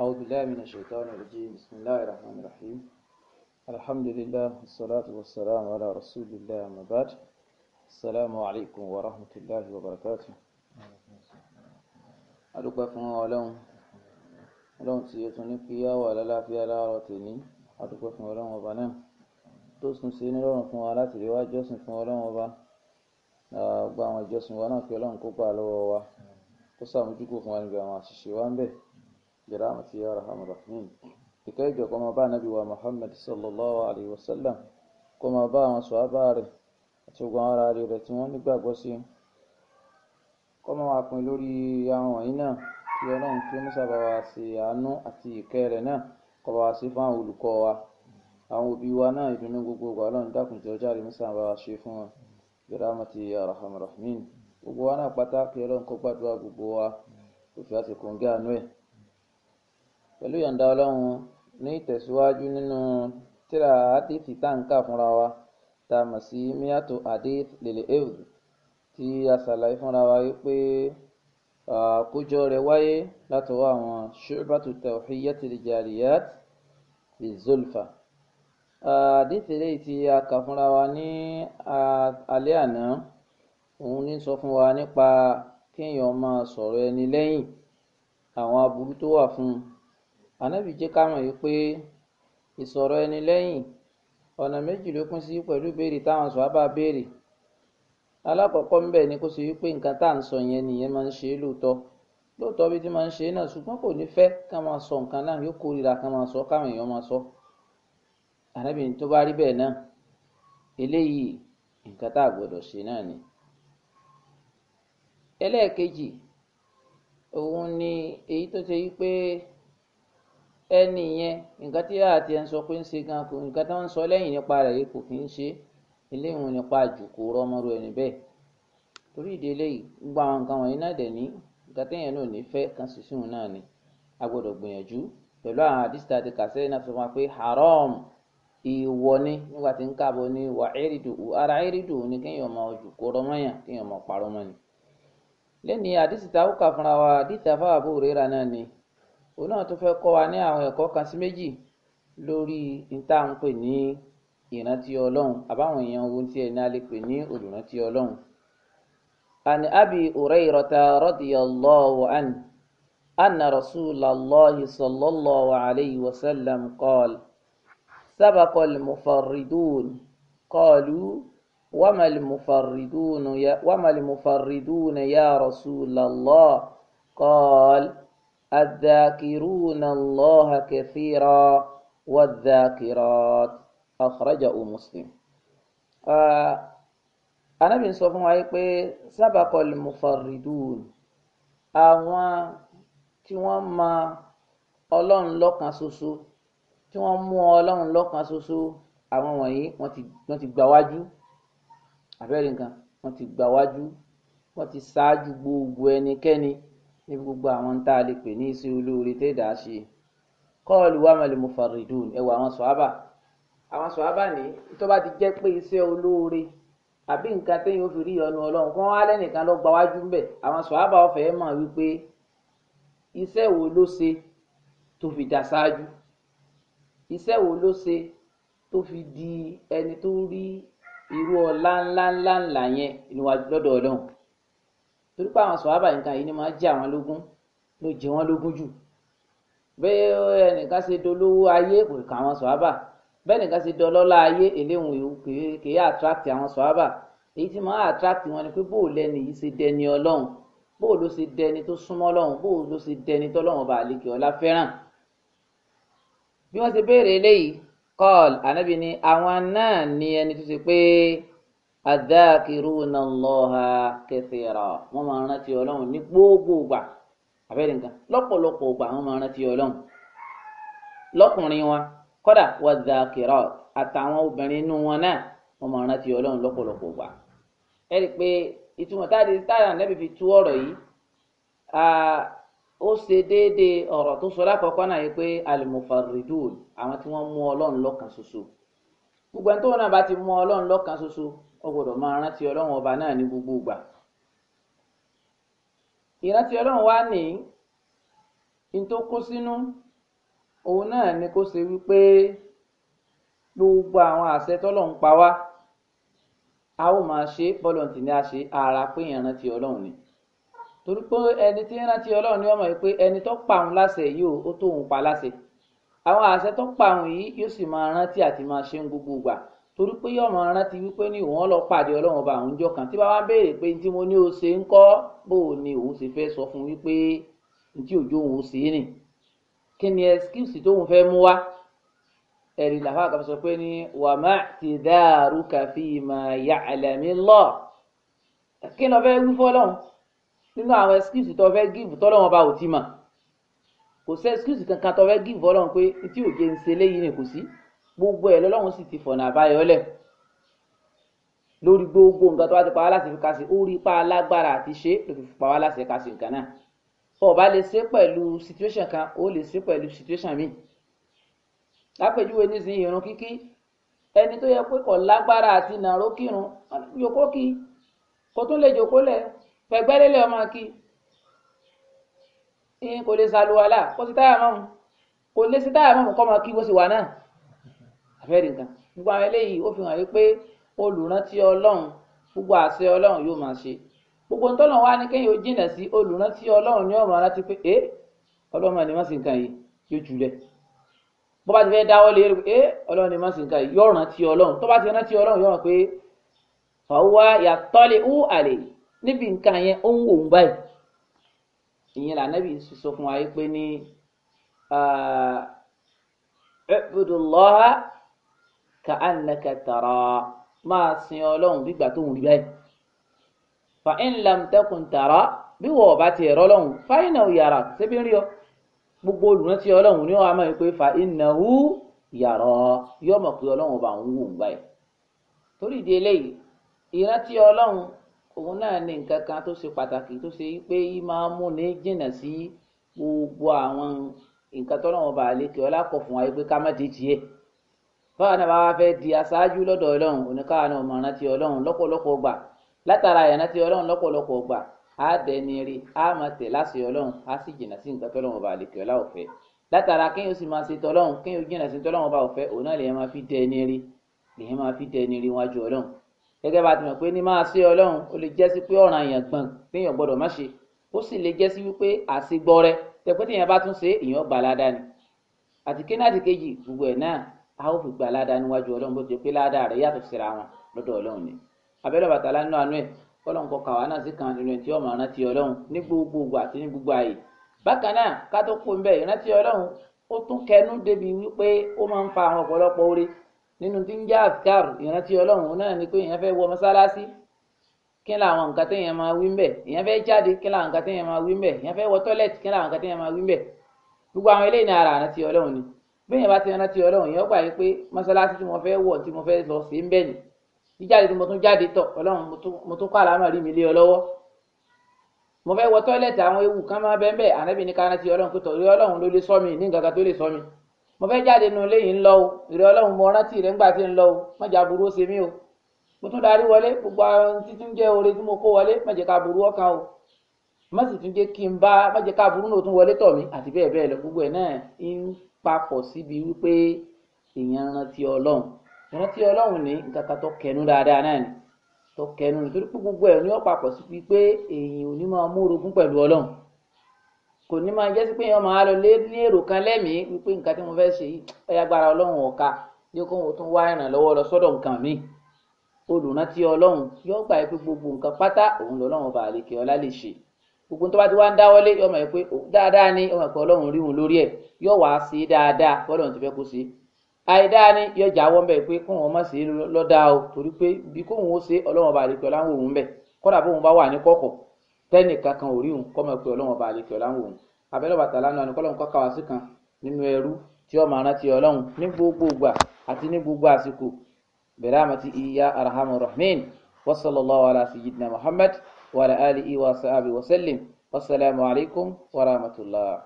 أعوذ بالله من الشيطان الرجيم بسم الله الرحمن الرحيم الحمد لله والصلاة والسلام على رسول الله أما بعد السلام عليكم ورحمة الله وبركاته adúpẹ́ fún ọlọ́run ọlọ́run tí ó tún ní kí á wà lálàáfíà láàárọ̀ tèmi adúpẹ́ fún ọlọ́run ọba náà tó tún ṣe nírọ̀rùn fún wa láti rí wá jọ́sìn fún ọlọ́run ọba gba àwọn ìjọsìn wa náà kí ọlọ́run kó gbà lọ́wọ́ wa kó ṣàmójúkò fún wa níbi àwọn àṣìṣe wa ń bẹ برحمة يا رحم الرحمن ìkẹ́jọ kó máa bá ànábì wa Muhammad sallallahu alayhi wa sallam kó máa bá àwọn sọ̀hábà rẹ̀ àti ogun ara rẹ̀ tí wọ́n nígbàgbọ́ sí kó máa wà pín lórí àwọn wọ̀nyí náà kí ọlọ́run kí ó mú sábà wá sí àánú àti ìkẹ́ rẹ̀ náà kó bá wá sí fún àwọn olùkọ́ wa àwọn òbí wa náà ìdùnnú gbogbo wa ọlọ́run dákun tí ọjà rẹ̀ mú sábà wá ṣe fún wọn biramati arhamar rahimin gbogbo wa náà pátá kí ọlọ́run kó gbàdúrà gbogbo wa kò fi àsìkò ń gé àánú ẹ̀ pẹ̀lú ìyọ̀ǹda ọlọ́run ní ìtẹ̀síwájú nínú tíra hadithi táǹkà fúnra wa tá a mọ̀ sí miyato hadith lèlè evd tí a ṣàlàyé fúnra wa pé àkójọ rẹ̀ wáyé látọwọ́ àwọn ṣùgbọ́tò tawhiyyati al-jariyat bi zulfa. hadithi lèyí tí a kà fúnra wa ní alẹ́ àná òun ní sọ fún wa nípa kéèyàn máa sọ̀rọ̀ ẹni lẹ́yìn àwọn aburú tó wà fún un ànábì jẹ́ ká mọ̀ pé eni ẹni ona ọ̀nà méjì ló pín sí pẹ̀lú ìbéèrè táwọn sọ̀hábà béèrè alákọ̀ọ́kọ́ ńbẹ̀ ni kó ṣe wípé nǹkan tá à ń sọ yẹn nìyẹn máa ń ṣe é lóòótọ́ bí ti máa ń ṣe é náà kò ní ká máa sọ nǹkan náà yóò kórìíra ká máa sọ káwọn èèyàn máa sọ ànábì tó bá rí náà eléyìí nǹkan tá ṣe náà ni. ẹlẹ́ẹ̀kejì òun ni èyí tó ẹni yẹn nǹkan tí yàrá tiẹ̀ ń sọ pé ń ṣe gan kò nǹkan tí wọ́n ń sọ lẹ́yìn nípa rẹ̀ yìí kò kí ń ṣe eléyìí nípa àjùkò rọmọrú ẹni bẹ́ẹ̀ torí ìdí eléyìí gbogbo àwọn nǹkan wọ̀nyí náà dẹ̀ ní nǹkan téèyàn a gbìyànjú àwọn fi wọn haram ìwọ ni nígbà tí ń ní wà ara ni kéèyàn rọmọyàn kéèyàn fúnra wa àdìsítà òun náà tún fẹ́ kọ́ wa ní àwọn ẹ̀kọ́ kan sí méjì lórí níta ń pè ní ìrántí ọlọ́run àbáwọn èèyàn ohun tí ẹni a lè pè ní olùrántí ọlọ́run. عن أبي هريرة رضي الله عنه أن رسول الله صلى الله عليه وسلم قال سبق المفردون قالوا وما المفردون يا وما المفردون يا رسول الله قال الذاكرون الله كثيرا والذاكرات أخرجه مسلم أنا ń sọ fún wa yìí pé sábàkọlì mufaridun àwọn tí wọ́n ma ọlọ́run lọ́kan ṣoṣo tí wọ́n mú ọlọ́run lọ́kan ṣoṣo àwọn wọ̀nyí wọ́n ti gbà wájú àbẹ́rẹ́ nǹkan wọ́n ti gbà wájú wọ́n ti ṣáájú gbogbo ẹnikẹ́ni níbi gbogbo àwọn tá a lè pè ní iṣẹ́ olóore tẹ́dà ṣe kọ́ọ̀lù wa mọ̀lẹ́ mo fàrìdùn ẹwà àwọn sọ̀hábà àwọn sọ̀hábà ní tó bá ti jẹ́ pé iṣẹ́ olóore àbí nǹkan téèyàn ó fi rí ọnu ọlọ́run kó wá lẹ́nìkan lọ gba wájú ńbẹ̀ àwọn sọ̀hábà ọ̀fẹ́ mọ̀ wípé iṣẹ́ wo ló ṣe tó fi dà ṣáájú iṣẹ́ wo ló ṣe tó fi di ẹni tó rí irú ọlá ńláńláńlá yẹn lọ́dọ̀ ọlọ́run torí pé àwọn sọ̀hábà nǹkan yìí ni máa jẹ́ àwọn lógún ló jẹ́ wọ́n lógún jù bẹ́ẹ̀ ẹnìkan ṣe dolówó ayé kò kà àwọn sọ̀hábà bẹ́ẹ̀ nìkan ṣe dọlọ́lá ayé eléhùn kì í attract àwọn sọ̀hábà èyí tí máa attract wọn ni pé bóò lẹ́ni yìí ṣe dẹni ọlọ́run bóò ló ṣe dẹni tó súnmọ́ ọlọ́run bóò ló ṣe dẹni tọ́lọ́run ọba àlekè ọlá fẹ́ràn bí wọ́n ṣe béèrè eléyìí kọ́ọ̀l ànábì ni àwọn adh-dhakiruna Allaha kathira wọ́n máa rántí ọlọ́run ní gbogbo ìgbà àbẹ́rẹ́ nǹkan lọ́pọ̀lọpọ̀ ìgbà wọ́n máa rántí ọlọ́run lọ́kùnrin wọn kódà wadh-dhakirat àtàwọn obìnrin inú wọn náà wọ́n máa rántí ọlọ́run lọ́pọ̀lọpọ̀ ìgbà ẹ rí i pé ìtumọ̀ táàdì táàdà nẹ́bí fi tú ọ̀rọ̀ yìí ó ṣe déédéé ọ̀rọ̀ tó sọ lákọ̀ọ́kọ́ náà yìí pé gbogbo ẹni tó náà bá ti mú ọlọ́run lọ́kan ṣoṣo ó gbọ́dọ̀ máa rántí ọlọ́run ọba náà ní gbogbo ìgbà ìrántí ọlọ́run wá ní ní tó kó sínú òun náà ni kó ṣe wípé gbogbo àwọn àṣẹ tọ́lọ́run pa wá a ó máa ṣe bọ́lọ̀ǹtì ni a ṣe ara pé ìrántí ọlọ́run ni torí pé ẹni tí ìrántí ọlọ́run ni wọ́n mọ̀ pé ẹni tó pa òun láṣẹ yìí ó tóun pa láṣẹ àwọn àṣẹ tó pa òun yìí yóò sì máa rántí àti máa ṣe ń gbogbo ìgbà torí pé yóò máa wipe wípé ní òun lọ pàdé ọlọ́run ọba àwọn kan tí bàbá béèrè pé tí mo ní o ṣe ń o ní òun ṣe sọ fún wípé tí òjò òun ṣe é nì kí ni to tóun fẹ́ mú wá ẹ̀rí làwọn àgbà sọ pé ní wà má ti dáàrú kàfí máa yà àlàmí lọ kí ni ọfẹ́ wí fọlọ́run nínú àwọn ẹsikíùsì tó fẹ́ gíìfù tọ́lọ́run ọba ò ti mà kò kankan tó gíìfù pé tí òjò gbogbo ẹ̀ lọ́lọ́run sì ti fọ̀nà àbáyọlẹ̀ lórí gbogbo nǹkan tó wá ti pa wá láti fi kásì ó rí pa alágbára àti ṣe ló fi pa wá láti kásì nǹkan náà ọba lè ṣe pẹ̀lú situation kan ó lè ṣe pẹ̀lú situation míì lápèjúwe nísìnyí irun kíkí ẹni tó yẹ pé kò lágbára àti nàró kírun yòókó kí kó tún lè jòkó lẹ fẹgbẹrẹlẹ ọmọ kí kò lè ṣàlùwàlà kó sì táyà mọ́mu kò lè sí táyà mọ́mu kọ́ máa kí bó sì wà náà. àbẹ́rẹ́ nǹkan gbogbo àwọn eléyìí ó fi hàn yín olùrántí ọlọ́run gbogbo àṣẹ ọlọ́run yóò máa ṣe gbogbo ntọ́lọ̀ wa ni kéèyàn ó jìnà sí olùrántí ní ọ̀rọ̀ aláti pé ẹ ọlọ́run ni nǹkan yìí yóò jù bó bá ti fẹ́ dáwọ́ lé ẹ e, ọlọ́run ni má nǹkan yìí yóò rántí tó bá ti rántí yóò hàn pé ọwọ́ yàtọ́lẹ̀ ó àlè níbi nǹkan yẹn ó ka annaka tara máa sin ọlọ́run bí ìgbà tó ń rí báyìí fa in lam takun tara bí wọ́n ọba ti ẹ̀rọ ọlọ́run fa innahu yarak ṣébi ń rí ọ gbogbo olùrántí ọlọ́run ni wọ́n á máa ń pè fa innahu yàrá yóò mọ̀ pé ọlọ́run ọba ń wò ń báyìí torí ìdí eléyìí ìrántí ọlọ́run òun náà ní nǹkan kan tó ṣe pàtàkì tó ṣe pé yìí máa ń múni jìnnà sí gbogbo àwọn nǹkan tọ́lọ́run ọba àlekè ọlákọ̀ fún wa pé ká má dé tiẹ̀ báwa náà bá fẹ́ di aṣáájú lọ́dọ̀ ọlọ́run oníkàwá náà mọ̀ rántí ọlọ́run lọ́pọ̀lọpọ̀ gbà látara ìrántí ọlọ́run lọ́pọ̀lọpọ̀ gbà á dẹni rí á máa tẹ̀ láṣẹ ọlọ́run á sì jìnnà sí nǹkan tọ́lọ́run ọba àlèkè ọlá ọ̀fẹ́ látara kéèyàn sì máa ṣe tọ́lọ́run kéèyàn jìnnà sí tọ́lọ́run ọba ọ̀fẹ́ òun náà lèyàn máa fi dẹni rí lèyàn máa fi dẹni rí wájú ọlọ́run gẹ́gẹ́ bá a ti mọ̀ pé ní máa ṣe ọlọ́run ó lè jẹ́ pé ọ̀ràn èèyàn gbọ̀n téèyàn gbọ́dọ̀ má ṣe ó sì lè jẹ́ wípé àṣegbọ́ rẹ bá tún ṣe èèyàn gbà ládàá ni àtìké náà àtìkéjì gbogbo ẹ̀ náà a ó fi gbà ládàá níwájú ọlọ́run bó ti pé ládàá rẹ̀ yàtọ̀ síra wọn lọ́dọ̀ ọlọ́run ni abẹ́rẹ́ bàtà lánà àánú ẹ̀ kọ́lọ́n kọ kàwá náà sí kan nínú ẹ̀ tí ọmọ rántí ọlọ́run ní gbogbogbò àti ní gbogbo ààyè bákan náà ká tó kó mbẹ́ ìrántí ọlọ́run ó tún kẹnu débi wípé ó máa ń fa àwọn ọ̀pọ̀lọpọ̀ oore nínú tí ń jẹ́ àfikàr ìrántí ọlọ́run náà ni pé èèyàn fẹ́ wọ mọ́sálásí kí ni àwọn nǹkan téèyàn máa wí mbẹ̀ èèyàn fẹ́ jáde kí ni àwọn nǹkan téèyàn máa wí mbẹ̀ èèyàn fẹ́ wọ tọ́lẹ̀tì kí ni àwọn nǹkan téèyàn máa wí mbẹ̀ gbogbo àwọn eléyìí ni ara àrántí ọlọ́run ni bẹ́ẹ̀ bá ti rántí ọlọ́run yẹn ó gbà yí pé mọ́sálásí tí mo fẹ́ wọ̀ tí mo fẹ́ lọ sí ń bẹ̀ ni jíjáde tí mo tún jáde tọ̀ ọlọ́run mo tún kọ́ àlámà rí mi lé ọ lọ́wọ́ mo fẹ́ wọ tọ́ílẹ̀tì àwọn ewu kan máa bẹ́ẹ̀ bẹ́ẹ̀ ànábì ní ká rántí ọlọ́run pé torí ọlọ́run ló lè sọ mi ní nǹkan kan tó lè sọ mi mo fẹ́ jáde nu léyìn ń lọ o ìrẹ́ ọlọ́run mo rántí rẹ̀ ńgbà tí ń lọ o mọ̀jà burú ó ṣe mí o mo tún darí wọlé gbogbo àwọn títí ń jẹ́ oore tí mo kó wọlé mọ̀jẹ̀ ká burú ọkàn o má tún jẹ́ kí n bá mọ̀jẹ̀ ká burú náà tún wọlé tọ̀ mí àti bẹ́ẹ̀ bẹ́ẹ̀ lọ gbogbo ẹ̀ náà papọ̀ síbi wípé èèyàn rántí ọlọ́run ìrántí ọlọ́run ní nǹkan kan tó kẹnu dáadáa náà ni tó kẹnu nítorí pé gbogbo ẹ̀ ní ọ̀pàpọ̀ sí wípé èèyàn ò ní máa mú orogún pẹ̀lú ọlọ́run kò ní máa jẹ́ sí pé èèyàn máa lọ lé ní èrò kan lẹ́mìí wípé nǹkan tí mo fẹ́ ṣe yìí ọ̀yàgbára ọlọ́run ọ̀ka ní kó wọn tún wá ìrànlọ́wọ́ lọ sọ́dọ̀ nǹkan mi olùrántí ọlọ́run yóò gbà pé gbogbo nǹkan pátá òun lọ́lọ́run ọba àlekè ọlá lè ṣe gbogbo tó bá ti wá ń dáwọ́lé yọmọ ẹ pé oh, dáadáa ni ọmọ ẹ̀kọ́ ọlọ́run rí wọn lórí ẹ̀ yóò wá sí dáadáa ọlọ́run ti fẹ́ kó sí àìdáa ni yóò já wọ́n bẹ́ẹ̀ pé kó wọn má sí lọ́dà o torí pé bí kó wọn ó ṣe ọlọ́run ọba àlekè ọ̀la ń wò wọn bẹ́ẹ̀ kọ́dà bó wọn bá wà ní kọ̀kọ̀ tẹ́nì kankan ò rí wọn kọ́ mọ̀ pé ọlọ́run ọba àlekè ọ̀la ń wò wọn abẹ́rẹ́ bàtà lánàá ni kọ́lọ́run kọ́kà wá sí kan nínú ẹrú tí ọmọ arántí ọlọ́run ní gbogbo ìgbà àti ní gbogbo àsìkò bẹ̀rẹ̀ àmọ́ ti iya arhamar rahimin wa sallallahu ala sayyidina muhammad وعلى آله وصحبه وسلم والسلام عليكم ورحمة الله